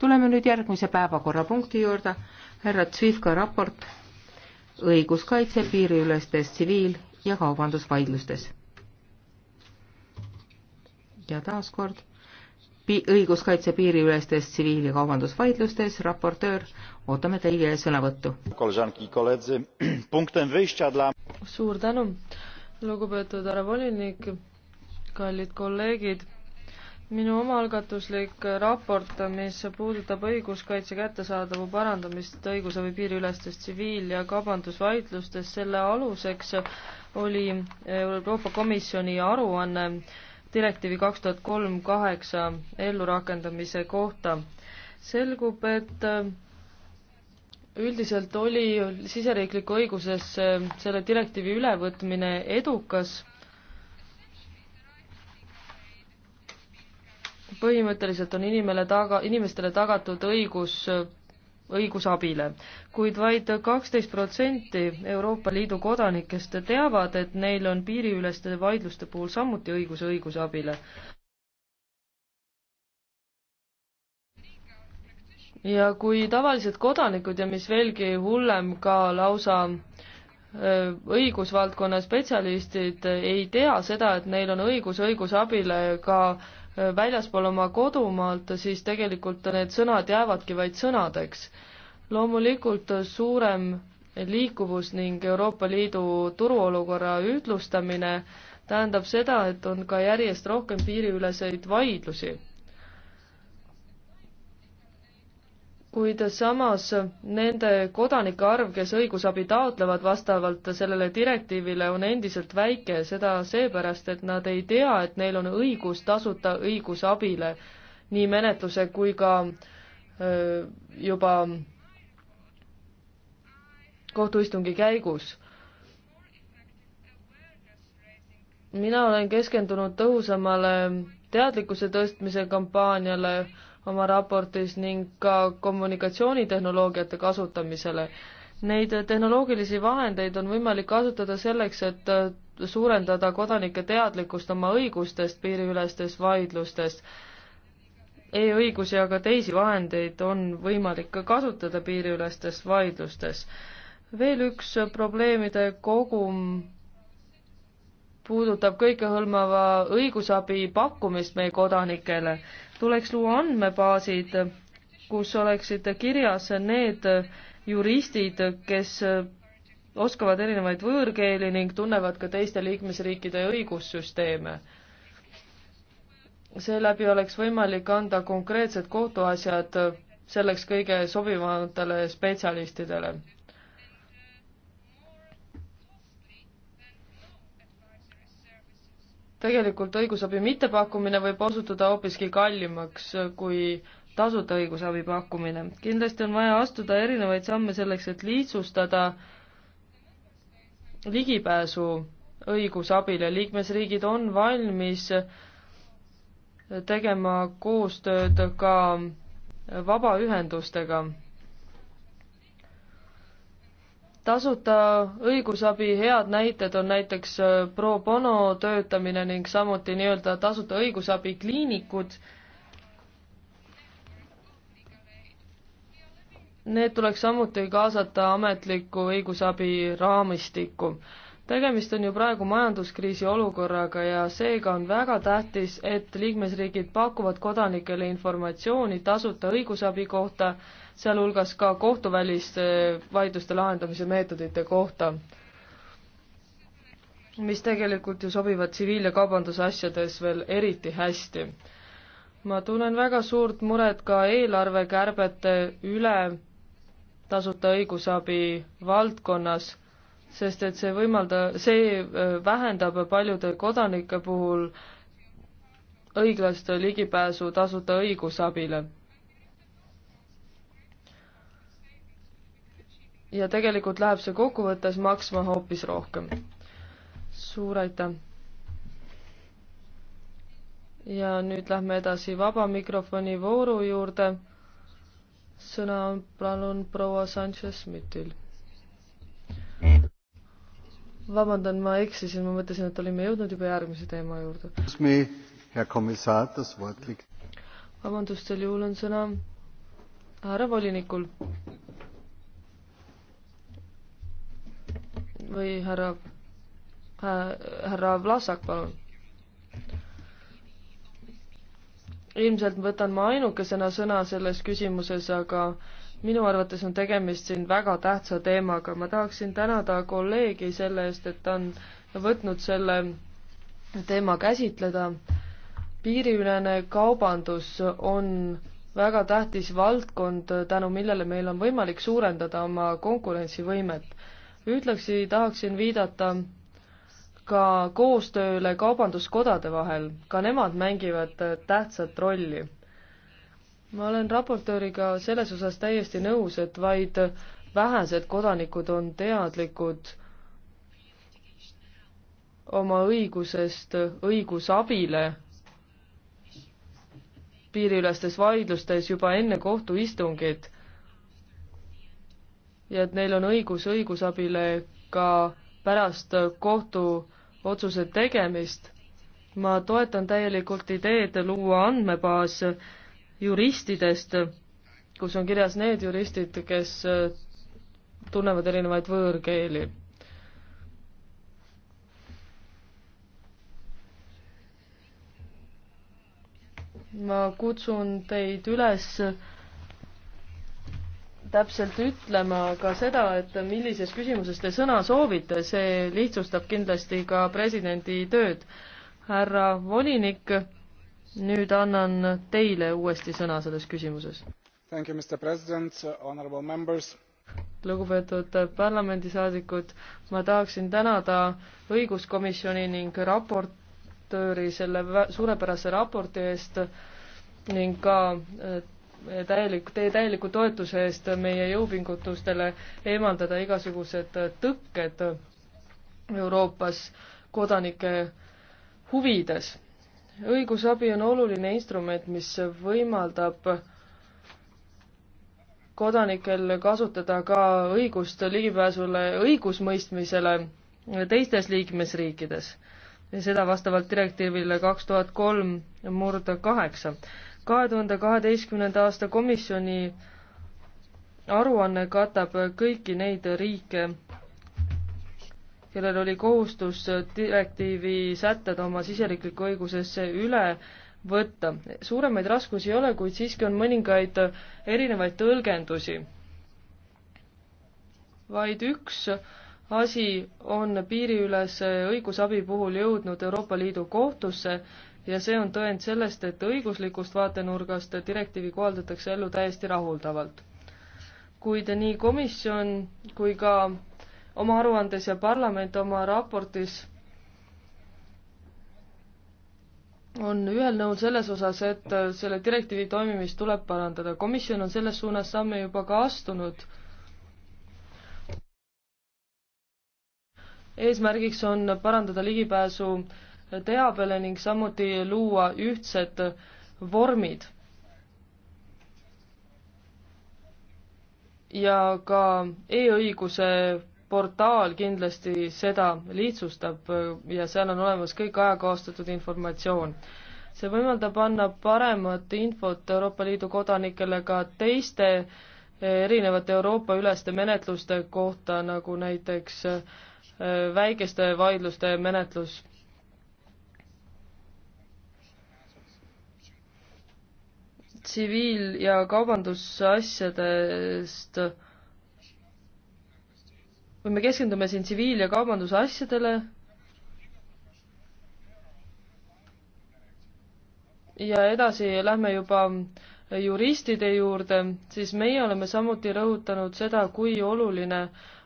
tuleme nüüd järgmise päevakorrapunkti juurde, härra Tsvivka raport õiguskaitse piiriülestes tsiviil- ja kaubandusvaidlustes. ja taaskord pi-, õiguskaitse piiriülestes tsiviil- ja kaubandusvaidlustes, raportöör, ootame teie sõnavõttu. suur tänu, lugupeetud härra volinik, kallid kolleegid minu omaalgatuslik raport, mis puudutab õiguskaitse kättesaadavu parandamist õiguse või piiriülestes tsiviil- ja kaubandusvaidlustes, selle aluseks oli Euroopa Komisjoni aruanne direktiivi kaks tuhat kolm kaheksa ellurakendamise kohta. selgub, et üldiselt oli siseriikliku õiguses selle direktiivi ülevõtmine edukas põhimõtteliselt on inimele taga, inimestele tagatud õigus õigusabile, kuid vaid kaksteist protsenti Euroopa Liidu kodanikest teavad, et neil on piiriüleste vaidluste puhul samuti õigus õigusabile. ja kui tavalised kodanikud ja mis veelgi hullem, ka lausa õigusvaldkonna spetsialistid ei tea seda, et neil on õigus õigusabile ka äh, väljaspool oma kodumaalt, siis tegelikult need sõnad jäävadki vaid sõnadeks. loomulikult suurem liikuvus ning Euroopa Liidu turuolukorra ühtlustamine tähendab seda, et on ka järjest rohkem piiriüleseid vaidlusi kuid samas nende kodanike arv, kes õigusabi taotlevad vastavalt sellele direktiivile, on endiselt väike, seda seepärast, et nad ei tea, et neil on õigus tasuta õigusabile nii menetluse kui ka öö, juba kohtuistungi käigus mina olen keskendunud tõhusamale teadlikkuse tõstmise kampaaniale, oma raportis ning ka kommunikatsioonitehnoloogiate kasutamisele. Neid tehnoloogilisi vahendeid on võimalik kasutada selleks, et äh, suurendada kodanike teadlikkust oma õigustest piiriülestes vaidlustes e. e-õigusi, aga teisi vahendeid on võimalik ka kasutada piiriülestes vaidlustes. veel üks probleemide kogum puudutab kõikehõlmava õigusabi pakkumist meie kodanikele tuleks luua andmebaasid, kus oleksid kirjas need juristid, kes oskavad erinevaid võõrkeeli ning tunnevad ka teiste liikmesriikide õigussüsteeme. seeläbi oleks võimalik anda konkreetsed kohtuasjad selleks kõige sobivamatele spetsialistidele tegelikult õigusabi mittepakkumine võib osutuda hoopiski kallimaks kui tasuta õigusabi pakkumine. kindlasti on vaja astuda erinevaid samme selleks, et lihtsustada ligipääsu õigusabile, liikmesriigid on valmis tegema koostööd ka vabaühendustega tasuta õigusabi head näited on näiteks äh, pro bono töötamine ning samuti nii-öelda tasuta õigusabi kliinikud. Need tuleks samuti kaasata ametliku õigusabi raamistikku tegemist on ju praegu majanduskriisi olukorraga ja seega on väga tähtis, et liikmesriigid pakuvad kodanikele informatsiooni tasuta õigusabi kohta, sealhulgas ka kohtuväliste eh, vaidluste lahendamise meetodite kohta, mis tegelikult ju sobivad tsiviil- ja kaubandusasjades veel eriti hästi. ma tunnen väga suurt muret ka eelarvekärbete üle tasuta õigusabi valdkonnas sest et see võimalda-, see äh, vähendab paljude kodanike puhul õiglast ligipääsu tasuta õigusabile. ja tegelikult läheb see kokkuvõttes maksma hoopis rohkem. suur aitäh! ja nüüd lähme edasi vaba mikrofoni vooru juurde. sõna on palun proua Sanchez-Smithil vabandan, ma eksisin, ma mõtlesin, et olime jõudnud juba järgmise teema juurde. vabandust, sel juhul on sõna härra volinikul. või härra, härra Vlasak, palun. ilmselt võtan ma ainukesena sõna selles küsimuses, aga äh, minu arvates on tegemist siin väga tähtsa teemaga, ma tahaksin tänada kolleegi selle eest, et ta on võtnud selle teema käsitleda. piiriülene kaubandus on väga tähtis valdkond, tänu millele meil on võimalik suurendada oma konkurentsivõimet. ühtlasi tahaksin viidata ka koostööle kaubanduskodade vahel, ka nemad mängivad tähtsat rolli ma olen raportööriga selles osas täiesti nõus, et vaid vähesed kodanikud on teadlikud oma õigusest õigusabile piiriülestes vaidlustes juba enne kohtuistungit ja et neil on õigus õigusabile ka pärast kohtuotsuse tegemist. ma toetan täielikult ideed luua andmebaas juristidest, kus on kirjas need juristid, kes äh, tunnevad erinevaid võõrkeeli. ma kutsun teid üles täpselt ütlema ka seda, et millises küsimuses te sõna soovite, see lihtsustab kindlasti ka presidendi tööd. härra volinik nüüd annan teile uuesti sõna selles küsimuses. lugupeetud parlamendisaadikud, ma tahaksin tänada õiguskomisjoni ning raportööri selle suurepärase raporti eest ning ka eh, täielik, teie täieliku toetuse eest meie jõupingutustele eemaldada igasugused tõkked Euroopas kodanike huvides õigusabi on oluline instrument, mis võimaldab kodanikel kasutada ka õigust ligipääsule õigusmõistmisele teistes liikmesriikides ja seda vastavalt direktiivile kaks tuhat kolm murda kaheksa. kahe tuhande kaheteistkümnenda aasta komisjoni aruanne katab kõiki neid riike, kellel oli kohustus direktiivi sätted oma siseriiklikku õigusesse üle võtta. suuremaid raskusi ei ole, kuid siiski on mõningaid erinevaid tõlgendusi. vaid üks asi on piiriülese õigusabi puhul jõudnud Euroopa Liidu kohtusse ja see on tõend sellest, et õiguslikust vaatenurgast direktiivi kohaldatakse ellu täiesti rahuldavalt. kuid nii komisjon kui ka oma aruandes ja parlament oma raportis on ühel nõul selles osas, et äh, selle direktiivi toimimist tuleb parandada. komisjon on selles suunas samme juba ka astunud. eesmärgiks on parandada ligipääsu teabele ning samuti luua ühtsed vormid. ja ka e-õiguse portaal kindlasti seda lihtsustab äh, ja seal on olemas kõik ajakohastatud informatsioon. see võimaldab anda paremat infot Euroopa Liidu kodanikele ka teiste äh, erinevate Euroopa-üleste menetluste kohta, nagu näiteks äh, väikeste vaidluste menetlus. tsiviil- ja kaubandusasjadest või me keskendume siin tsiviil- ja kaubandusasjadele ja edasi lähme juba juristide juurde, siis meie oleme samuti rõhutanud seda, kui oluline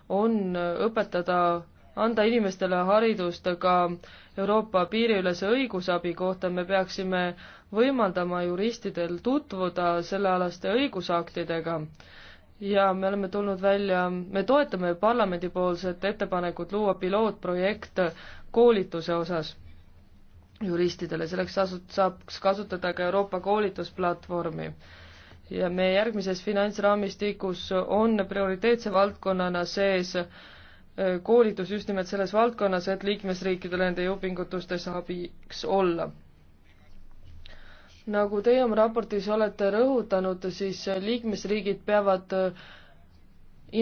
on õpetada, anda inimestele haridust ka Euroopa piiriülese õigusabi kohta, me peaksime võimaldama juristidel tutvuda sellealaste õigusaktidega ja me oleme tulnud välja, me toetame parlamendipoolset ettepanekut luua pilootprojekt koolituse osas juristidele, selleks asut-, saaks kasutada ka Euroopa koolitusplatvormi. ja meie järgmises finantsraamistikus on prioriteetse valdkonnana sees e, koolitus just nimelt selles valdkonnas, et liikmesriikidele nende jõupingutustes abiks olla nagu teie oma raportis olete rõhutanud, siis liikmesriigid peavad äh,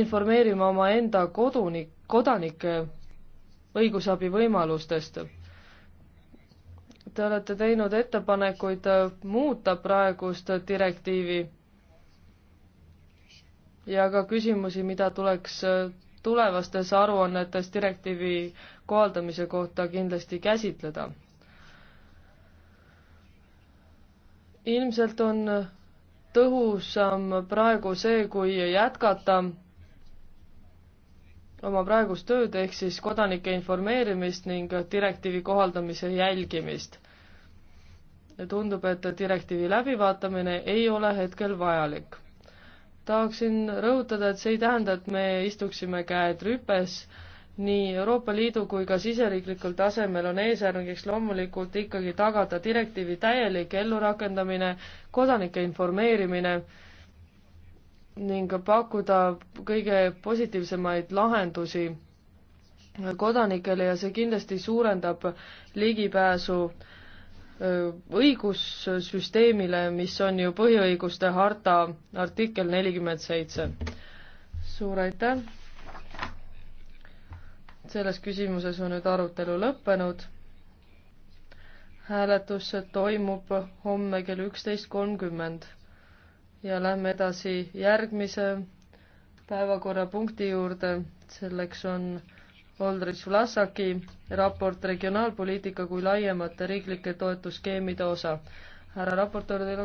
informeerima omaenda kodunik, kodanike õigusabi võimalustest. Te olete teinud ettepanekuid äh, muuta praegust direktiivi ja ka küsimusi, mida tuleks äh, tulevastes aruannetes direktiivi kohaldamise kohta kindlasti käsitleda ilmselt on tõhusam praegu see, kui jätkata oma praegust tööd ehk siis kodanike informeerimist ning direktiivi kohaldamise jälgimist. tundub, et direktiivi läbivaatamine ei ole hetkel vajalik. tahaksin rõhutada, et see ei tähenda, et me istuksime käed rüpes nii Euroopa Liidu kui ka siseriiklikul tasemel on eesmärgiks loomulikult ikkagi tagada direktiivi täielik ellurakendamine, kodanike informeerimine ning pakkuda kõige positiivsemaid lahendusi kodanikele ja see kindlasti suurendab ligipääsu õigussüsteemile, mis on ju põhiõiguste harta artikkel nelikümmend seitse. suur aitäh! selles küsimuses on nüüd arutelu lõppenud. hääletus toimub homme kell üksteist kolmkümmend ja lähme edasi järgmise päevakorrapunkti juurde, selleks on Oldrich Vlasaki raport regionaalpoliitika kui laiemate riiklike toetusskeemide osa. härra raportöör, teil on